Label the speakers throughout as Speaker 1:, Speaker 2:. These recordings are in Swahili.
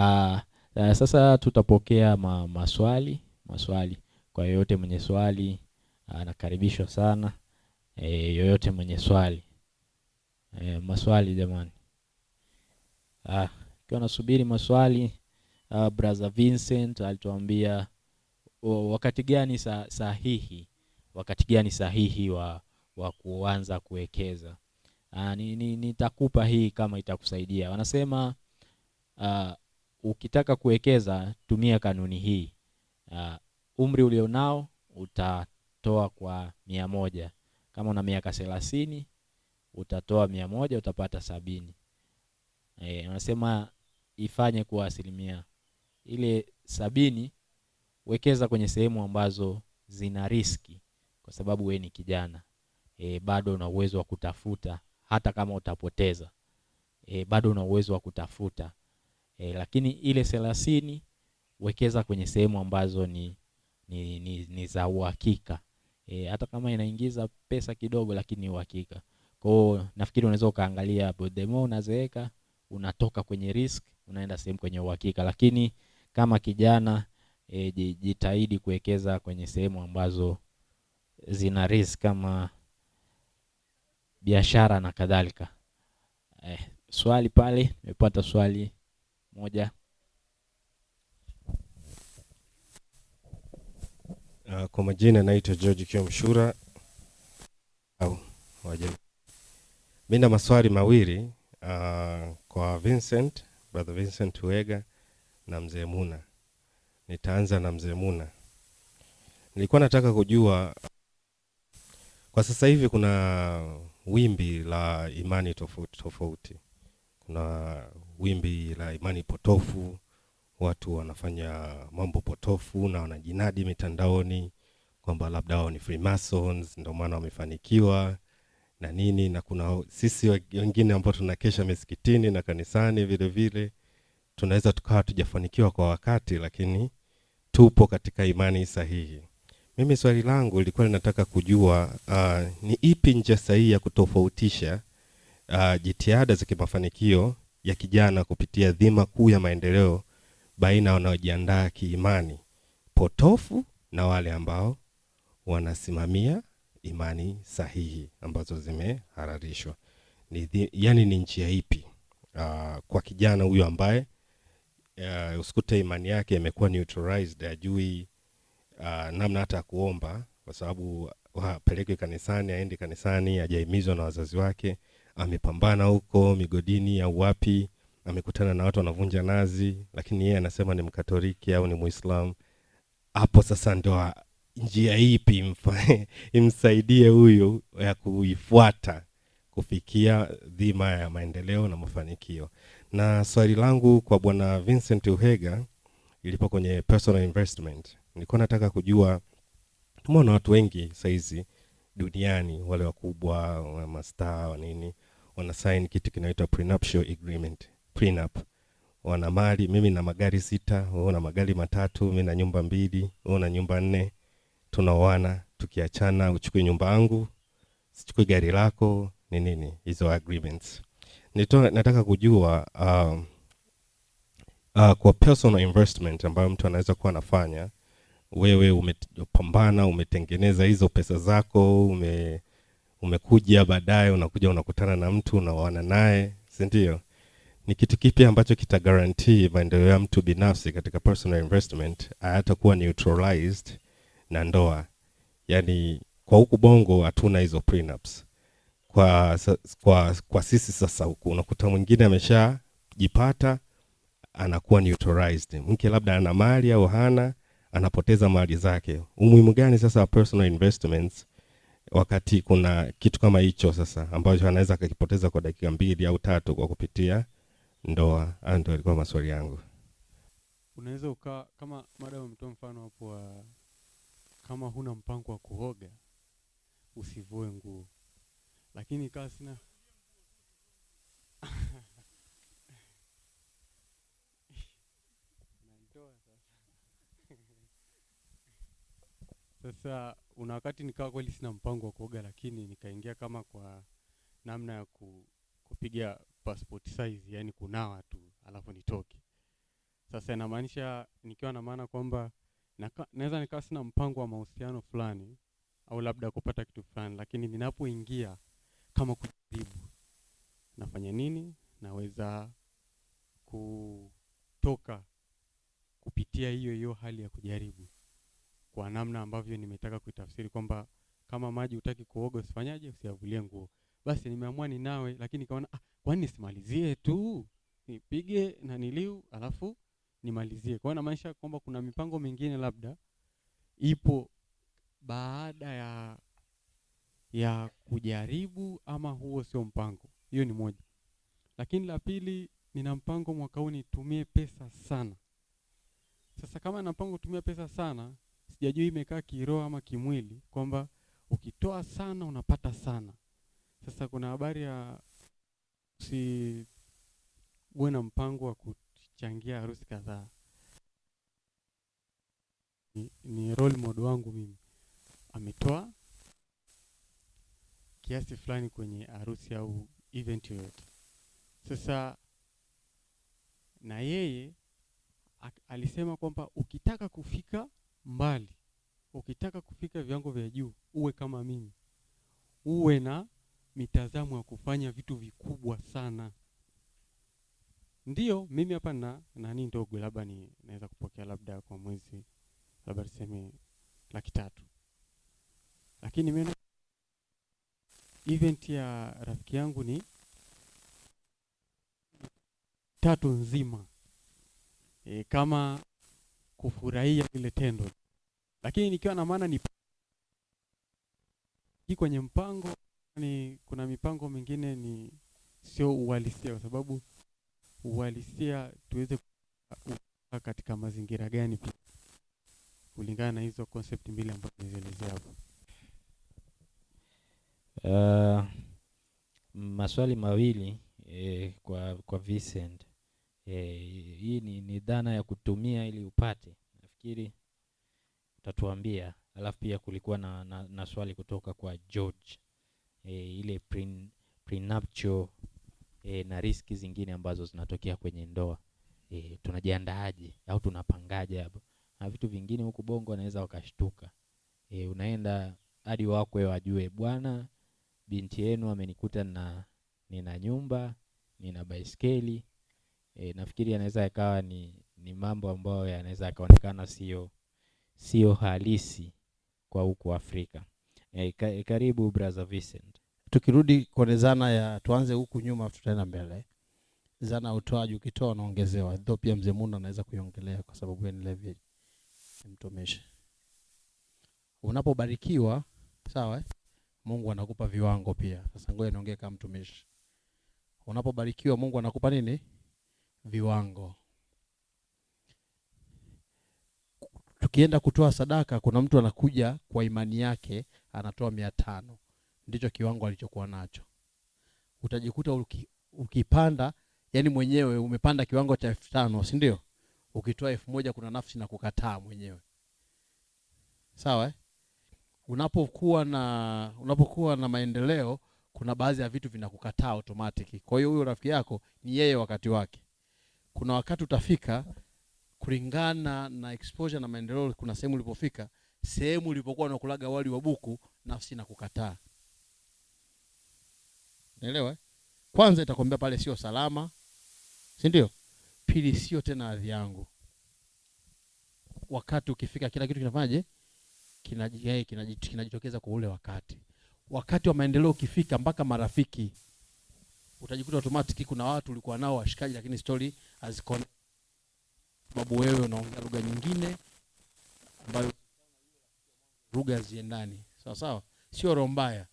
Speaker 1: uh, sasa tutapokea ma, maswali maswali. Kwa yoyote mwenye swali anakaribishwa sana e, yoyote mwenye swali e, maswali jamani. Ah, ikiwa nasubiri maswali uh, brother Vincent alituambia wakati gani sa, sahihi wakati gani sahihi wa, wa kuanza kuwekeza. Nitakupa ni, ni hii kama itakusaidia. Wanasema uh, ukitaka kuwekeza tumia kanuni hii. Uh, umri ulionao utatoa kwa mia moja. Kama una miaka thelathini utatoa mia moja utapata sabini. E, eh, anasema ifanye kuwa asilimia ile sabini, wekeza kwenye sehemu ambazo zina riski, kwa sababu we ni kijana e, bado una uwezo wa kutafuta hata kama utapoteza e, bado una uwezo wa kutafuta e, lakini ile thelathini wekeza kwenye sehemu ambazo ni, ni, ni, ni za uhakika e, hata kama inaingiza pesa kidogo, lakini ni uhakika. Kwa hiyo nafikiri unaweza ukaangalia bodemo, unazeeka, unatoka kwenye risk, unaenda sehemu kwenye uhakika, lakini kama kijana e, jitahidi kuwekeza kwenye sehemu ambazo zina risk kama biashara na kadhalika. Eh, swali pale nimepata swali moja.
Speaker 2: Uh, kwa majina naitwa George Kio Mshura au waje. Mimi na maswali mawili uh, kwa Vincent, brother Vincent Wega na mzee Muna. Nitaanza na mzee Muna. Nilikuwa nataka kujua kwa sasa hivi kuna wimbi la imani tofauti tofauti, kuna wimbi la imani potofu, watu wanafanya mambo potofu na wanajinadi mitandaoni kwamba labda wao ni Freemasons ndio maana wamefanikiwa na nini, na kuna sisi wengine ambao tunakesha misikitini na kanisani vile vile tunaweza tukawa tujafanikiwa kwa wakati, lakini tupo katika imani sahihi. Mimi swali langu lilikuwa linataka kujua uh, ni ipi njia sahihi ya kutofautisha uh, jitihada za kimafanikio ya kijana kupitia dhima kuu ya maendeleo baina wanaojiandaa kiimani potofu na wale ambao wanasimamia imani sahihi ambazo zimehararishwa. Ni, yani ni njia ipi uh, kwa kijana huyo ambaye uh, usikute imani yake imekuwa neutralized, ajui uh, ah, namna hata kuomba, kwa sababu apelekwe kanisani, aende kanisani, ajaimizwa na wazazi wake amepambana huko migodini au wapi, amekutana na watu wanavunja nazi, lakini yeye anasema ni Mkatoliki au ni muislam Hapo sasa ndo njia ipi imsaidie huyu ya kuifuata kufikia dhima ya maendeleo na mafanikio. Na swali langu kwa Bwana Vincent Uhega ilipo kwenye personal investment, nilikuwa nataka kujua, tumeona watu wengi saizi duniani, wale wakubwa, mastaa wa nini wana sign kitu kinaitwa prenuptial agreement, prenup. Wana mali, mimi na magari sita, wewe na magari matatu, mimi na nyumba mbili, wewe na nyumba nne. Tunaoana, tukiachana uchukue nyumba yangu, sichukue gari lako, ni nini hizo agreements. Nito, nataka kujua uh, uh, kwa personal investment ambayo mtu anaweza kuwa anafanya wewe umepambana umetengeneza hizo pesa zako ume umekuja baadaye, unakuja unakutana na mtu unaoana naye, si ndio? Ni kitu kipi ambacho kitagaranti maendeleo ya mtu binafsi katika personal investment hayatakuwa neutralized na ndoa? Yani kwa huku bongo hatuna hizo prenups. Kwa, kwa, kwa sisi sasa huku unakuta mwingine ameshajipata anakuwa neutralized, mke labda ana mali au hana, anapoteza mali zake. Umuhimu gani sasa personal investments wakati kuna kitu kama hicho sasa ambacho anaweza akakipoteza kwa dakika mbili au tatu kwa kupitia ndoa. Hayo ndio alikuwa maswali yangu.
Speaker 3: Unaweza ukawa kama mada umetoa mfano hapo wa kama huna mpango wa kuoga usivue nguo, lakini ikawa sina Sasa una wakati nikawa kweli sina mpango wa kuoga, lakini nikaingia kama kwa namna ya ku, kupiga passport size, yani kunawa tu alafu nitoke. Sasa inamaanisha nikiwa na maana kwamba naweza nikawa sina mpango wa mahusiano fulani au labda kupata kitu fulani, lakini ninapoingia kama kujaribu, nafanya nini? Naweza kutoka kupitia hiyo hiyo hali ya kujaribu kwa namna ambavyo nimetaka kuitafsiri kwamba kama maji hutaki kuoga usifanyaje, usiavulie nguo. Basi nimeamua ninawe, lakini kaona ah, kwani nisimalizie tu nipige na niliu alafu nimalizie. Kwa hiyo namaanisha kwamba kuna mipango mingine labda ipo baada ya ya kujaribu, ama huo sio mpango. Hiyo ni moja, lakini la pili, nina mpango mwaka huu nitumie pesa sana. Sasa kama nina mpango kutumia pesa sana sijajui imekaa kiroho ama kimwili, kwamba ukitoa sana unapata sana. Sasa kuna habari ya si uwe na mpango wa kuchangia harusi kadhaa. Ni, ni role model wangu mimi, ametoa kiasi fulani kwenye harusi au event yoyote. Sasa na yeye alisema kwamba ukitaka kufika mbali. Ukitaka kufika viwango vya juu, uwe kama mimi, uwe na mitazamo ya kufanya vitu vikubwa sana. Ndiyo, mimi hapa na nani ndogo, labda ni naweza kupokea labda kwa mwezi labda tuseme laki tatu, lakini mimi event ya rafiki yangu ni tatu nzima. E, kama kufurahia lile tendo, lakini nikiwa na maana ni kwenye mpango ni, kuna mipango mingine ni sio uhalisia, kwa sababu uhalisia tuweze katika mazingira gani pia kulingana na hizo concept mbili ambazo nizielezea hapo.
Speaker 1: Uh, maswali mawili eh, kwa kwa Vincent E, hii ni, ni dhana ya kutumia ili upate. Nafikiri utatuambia. Alafu pia kulikuwa na, na, na swali kutoka kwa George e, ile prin, prenuptial e, eh, na riski zingine ambazo zinatokea kwenye ndoa e, tunajiandaaje au tunapangaje hapo? Na vitu vingine huku Bongo wanaweza wakashtuka e, unaenda hadi wakwe wajue, bwana, binti yenu amenikuta na nina nyumba, nina baiskeli E, nafikiri yanaweza yakawa ni, ni mambo ambayo yanaweza yakaonekana sio sio halisi kwa huku Afrika. E, ka, karibu Brother Vincent.
Speaker 2: Tukirudi kwenye zana ya tuanze huku nyuma tutaenda mbele. Zana utoaji, ukitoa unaongezewa. Ndio pia mzee Munda anaweza kuiongelea kwa sababu yeye ni levi mtumishi. Unapobarikiwa sawa eh? Mungu anakupa viwango pia. Sasa ngoja niongee kama mtumishi. Unapobarikiwa Mungu anakupa nini? viwango. Tukienda kutoa sadaka, kuna mtu anakuja kwa imani yake anatoa mia tano, ndicho kiwango alichokuwa nacho. Utajikuta uki, ukipanda yani mwenyewe umepanda kiwango cha elfu tano, si ndio? Ukitoa elfu moja kuna nafsi na kukataa mwenyewe, sawa eh? Unapokuwa na unapokuwa na maendeleo, kuna baadhi ya vitu vinakukataa automatic. Kwa hiyo huyo rafiki yako ni yeye wakati wake kuna wakati utafika kulingana na exposure na maendeleo. Kuna sehemu ulipofika, sehemu ulipokuwa unakulaga wali wa buku, nafsi na kukataa. Naelewa kwanza, itakwambia pale sio salama, si ndio? Pili, sio tena adhi yangu. Wakati ukifika, kila kitu kinafanyaje? Eh, kinajitokeza kina, kina, kina kwa ule wakati. Wakati wa maendeleo ukifika, mpaka marafiki utajikuta automatic kuna watu ulikuwa nao washikaji, lakini story hazikoni, sababu wewe unaongea lugha nyingine ambayo lugha ziendani. Sawa sawa, sio roho mbaya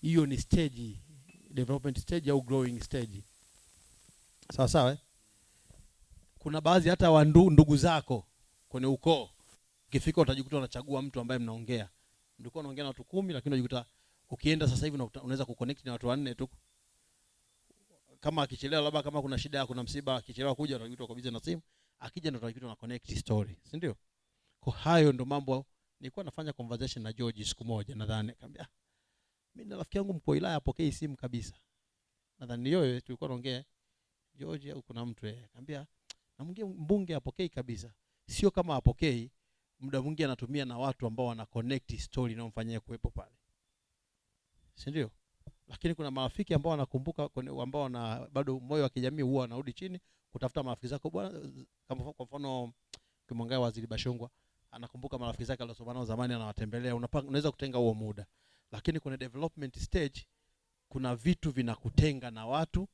Speaker 2: hiyo, ni stage development stage au growing stage. Sawa sawa, eh? Kuna baadhi hata wa ndugu zako kwenye ukoo, ukifika utajikuta unachagua mtu ambaye mnaongea. Mlikuwa unaongea na watu kumi, lakini unajikuta ukienda sasa hivi unaweza kuconnect na watu wanne tu kama akichelewa, labda kama kuna shida, kuna msiba, akichelewa kuja utajikuta kwa busy na simu, akija ndo utajikuta una connect story, si ndio? Kwa hayo ndo mambo nilikuwa nafanya conversation na George siku moja, nadhani akambia mimi na rafiki yangu mko Ulaya apokei simu kabisa, nadhani ni yeye tulikuwa naongea George au kuna mtu eh, akambia na mwingine mbunge apokei kabisa, sio kama apokei, muda mwingi anatumia na watu ambao wana connect story na mfanyaye kuwepo pale, si ndio? lakini kuna marafiki ambao wanakumbuka, ambao na bado moyo wa kijamii huwa anarudi chini kutafuta marafiki zako bwana. Kama kwa mfano kimwangae Waziri Bashungwa anakumbuka marafiki zake aliosoma nao zamani, anawatembelea. Unaweza kutenga huo muda, lakini kuna development stage, kuna vitu vinakutenga na watu,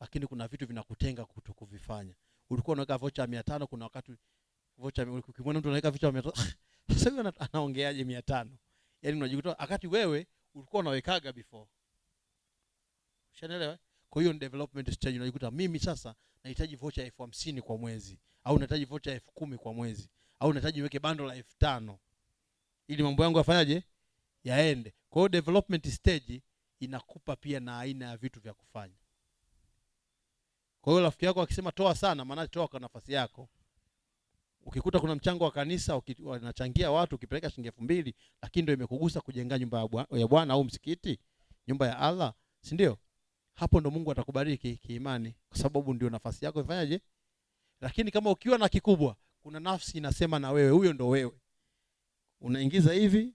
Speaker 2: lakini kuna vitu vinakutenga kutokuvifanya. Ulikuwa unaweka vocha mia tano, kuna wakati vocha ukimwona mtu anaweka vocha mia tano sasa hivi anaongeaje 500? Yani unajikuta wakati wewe ulikuwa unawekaga before Ushanielewa? Kwa hiyo ni development stage. Unajikuta mimi sasa nahitaji vocha elfu hamsini kwa mwezi au nahitaji vocha elfu kumi kwa mwezi au nahitaji niweke bando la elfu tano ili mambo yangu yafanyaje, yaende. Kwa hiyo development stage inakupa pia na aina ya vitu vya kufanya. Kwa hiyo rafiki yako akisema toa sana, maana toa kwa nafasi yako. Ukikuta kuna mchango wa kanisa unachangia watu, ukipeleka shilingi elfu mbili lakini ndio imekugusa kujenga nyumba ya Bwana au msikiti, nyumba ya Allah, si ndio? hapo ndo Mungu atakubariki kiimani, kwa sababu ndio nafasi yako ifanyaje. Lakini kama ukiwa na kikubwa, kuna nafsi inasema na wewe, huyo ndo wewe, unaingiza hivi.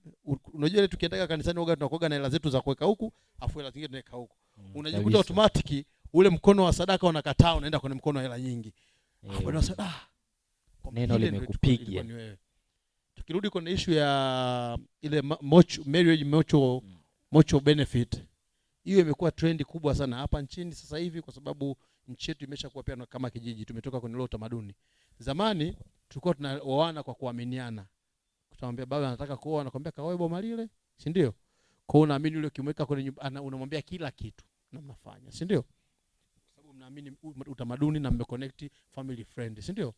Speaker 2: Unajua ile tukienda kanisani uga tunakoga na hela zetu za kuweka huku, afu hela zingine tunaweka huku, mm, unajikuta automatic ule mkono wa sadaka unakataa, unaenda kwenye mkono wa hela nyingi. Eh. Hapo ndo sadaka
Speaker 1: ah, neno limekupiga.
Speaker 2: Tukirudi kwenye issue ya ile mocho, marriage mocho, mm. mocho benefit mm. Hiyo imekuwa trendi kubwa sana hapa nchini sasa hivi, kwa sababu nchi yetu imeshakuwa pia kama kijiji, tumetoka kwenye ile utamaduni. Zamani tulikuwa tunaoana kwa kuaminiana, utamwambia baba anataka kuoa, anakwambia kaoe boma lile, si ndio? Kwa hiyo unaamini yule, ukimweka kwenye nyumba unamwambia kila kitu na mnafanya, si ndio? Kwa sababu mnaamini utamaduni na mmeconnect family friend, si ndio?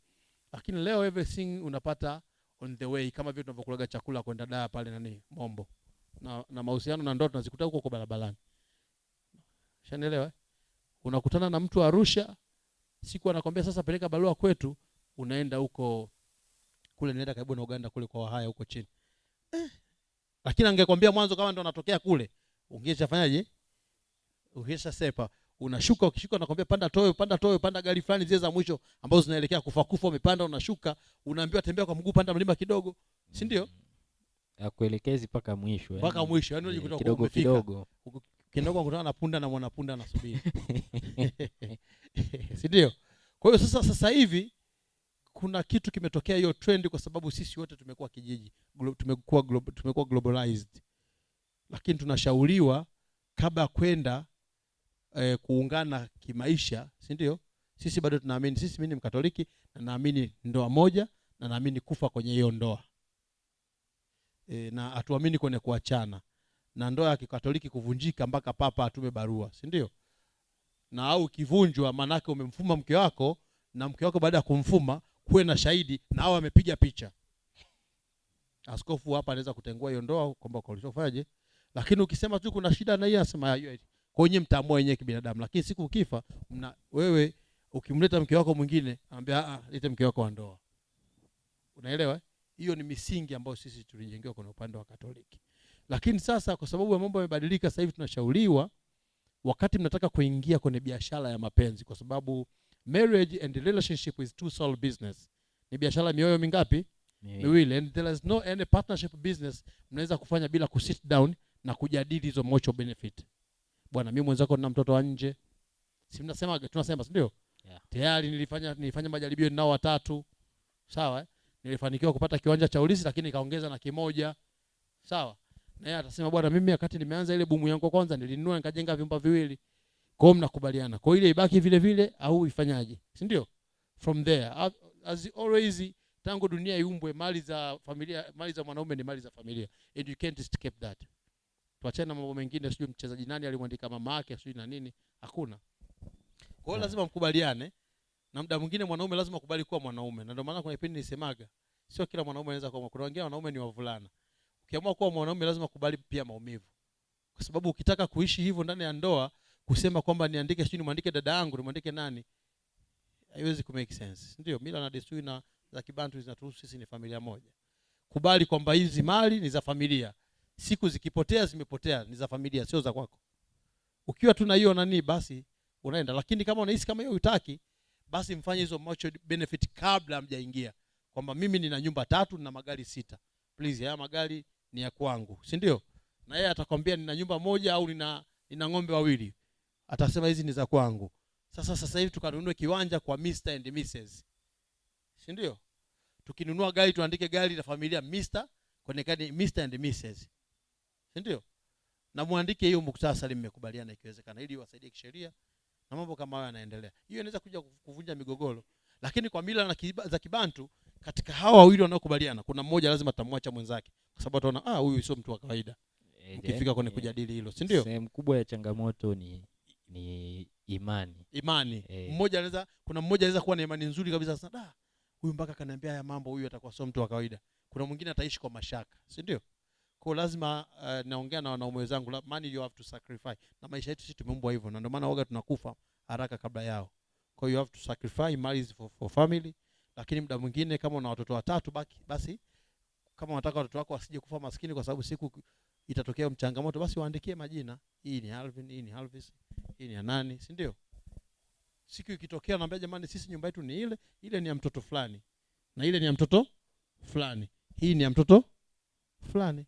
Speaker 2: Lakini leo everything unapata on the way, kama vile tunavyokulaga chakula kwenda daa pale nani Mombo, na, na mahusiano na ndoto tunazikuta huko kwa barabarani. Ushanielewa? Eh? Unakutana na mtu Arusha, siku anakwambia sasa peleka barua kwetu, unaenda huko kule, nenda karibu na Uganda kule kwa Wahaya huko chini eh. Lakini angekwambia mwanzo kama ndo anatokea kule, ungeshafanyaje? sepa Unashuka, ukishuka nakwambia panda toyo, panda toyo, panda gari fulani zile za mwisho ambazo zinaelekea kufa kufa, umepanda unashuka, unaambiwa tembea kwa mguu, panda mlima kidogo, si ndio?
Speaker 1: Akuelekezi mpaka mwisho,
Speaker 2: mpaka mwisho, yani unajikuta kidogo kidogo Kindogo akutana na punda na mwanapunda anasubiri si ndio? Kwa hiyo sasa, sasa hivi kuna kitu kimetokea, hiyo trend, kwa sababu sisi wote tumekuwa kijiji, tumekuwa tumekuwa globalized, lakini tunashauriwa kabla ya kwenda eh, kuungana kimaisha, si ndio? Sisi bado tunaamini sisi, mimi ni Mkatoliki na naamini ndoa moja na naamini kufa kwenye hiyo ndoa e, na hatuamini kwenye kuachana na ndoa ya Kikatoliki kuvunjika mpaka papa atume barua, si ndio? Na au ukivunjwa, maanake umemfuma mke wako, na mke wako baada ya kumfuma kuwe na shahidi na au amepiga picha. Askofu hapa anaweza kutengua hiyo ndoa kwamba kulichofanyaje, lakini ukisema tu kuna shida na yeye anasema kwa nyewe mtaamua wenyewe kibinadamu, lakini siku ukifa mna, wewe ukimleta mke wako mwingine anambia ah, ah lete mke wako wa ndoa. Unaelewa? Eh? Hiyo ni misingi ambayo sisi tulijengewa kwenye upande wa Katoliki. Lakini sasa kwa sababu ya mambo yamebadilika, sasa hivi tunashauriwa wakati mnataka kuingia kwenye biashara ya mapenzi, kwa sababu marriage and relationship is two soul business, ni biashara mioyo mingapi? Miwili. And there is no any partnership business mnaweza kufanya bila ku sit down na kujadili hizo mutual benefit. Bwana, mimi mwenzako nina mtoto wa nje, si mnasema, tunasema si ndio? Yeah. Tayari nilifanya nilifanya majaribio ninao watatu, sawa eh? Nilifanikiwa kupata kiwanja cha urithi, lakini nikaongeza na kimoja, sawa naye atasema bwana, mimi wakati nimeanza ile bumu yangu kwanza nilinunua nikajenga vyumba viwili. Kwa hiyo mnakubaliana. Kwa ile ibaki vile vile au ifanyaje? Si ndio? From there as always tangu dunia iumbwe mali za familia, mali za mwanaume ni mali za familia. And you can't escape that. Tuachane na mambo mengine, sijui mchezaji nani alimwandika mama yake, sijui na nini, hakuna. Kwa hiyo lazima mkubaliane na muda mwingine mwanaume lazima akubali kuwa mwanaume, na ndio maana kuna kipindi nisemaga sio kila mwanaume anaweza kuwa. Kuna wengine wanaume ni wavulana Ukiamua kuwa mwanaume lazima kubali pia maumivu, kwa sababu ukitaka kuishi hivyo ndani ya ndoa, kusema kwamba niandike sijui nimwandike dada yangu nimwandike nani, haiwezi kumake sense. Ndio mila na desturi na za Kibantu zinaturuhusu sisi, ni familia moja. Kubali kwamba hizi mali ni za familia, siku zikipotea zimepotea, ni za familia, sio za kwako. Ukiwa tu na hiyo nani, basi unaenda, lakini kama unahisi kama hiyo hutaki, basi mfanye hizo macho benefit kabla hamjaingia, kwamba mimi nina nyumba tatu na magari sita, please haya magari ni ya kwangu, si ndio? Na yeye atakwambia nina nyumba moja au nina nina ng'ombe wawili, atasema hizi ni za kwangu. Sasa sasa hivi tukanunue kiwanja kwa Mr and Mrs, si ndio? Tukinunua gari tuandike gari la familia Mr kwenye kadi Mr and Mrs, si ndio? Na muandike hiyo muktasari, mmekubaliana ikiwezekana, ili iwasaidie kisheria na mambo kama hayo yanaendelea. Hiyo inaweza kuja kuvunja migogoro, lakini kwa mila na kiba, za Kibantu katika hawa wawili wanaokubaliana, kuna mmoja lazima atamwacha mwenzake, kwa sababu ataona ah, huyu sio mtu wa kawaida. Eh, Ukifika kwenye eh, kujadili hilo, si ndio?
Speaker 1: Sehemu kubwa ya changamoto ni ni imani,
Speaker 2: imani e. Mmoja anaweza, kuna mmoja anaweza kuwa na imani nzuri kabisa, sana, ah, huyu mpaka kaniambia haya mambo, huyu atakuwa sio mtu wa kawaida. Kuna mwingine ataishi kwa mashaka, si ndio? Kwa lazima uh, naongea na wanaume wenzangu, money you have to sacrifice, na maisha yetu sisi tumeumbwa hivyo, na ndio maana waga tunakufa haraka kabla yao. Kwa you have to sacrifice mali for, for family lakini muda mwingine kama una watoto watatu baki, basi kama unataka watoto wako wasije kufa maskini, kwa sababu siku itatokea mchangamoto, basi waandikie majina, hii ni Alvin, hii ni Alvis, hii ni Anani, si ndio? Siku ikitokea naambia, jamani, sisi nyumba yetu ni ile ile, ni ya mtoto fulani na ile ni ya mtoto fulani, hii ni ya mtoto fulani.